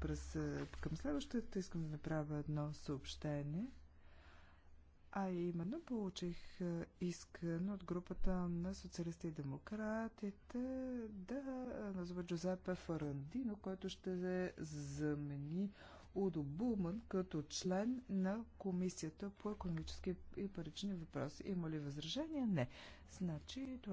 през, е, към следващата искам да направя едно съобщение. А именно получих е, искан от групата на социалисти и демократите да назова Джузепе Фарандино, който ще се замени Удо Булман като член на Комисията по економически и парични въпроси. Има ли възражения? Не. Значи това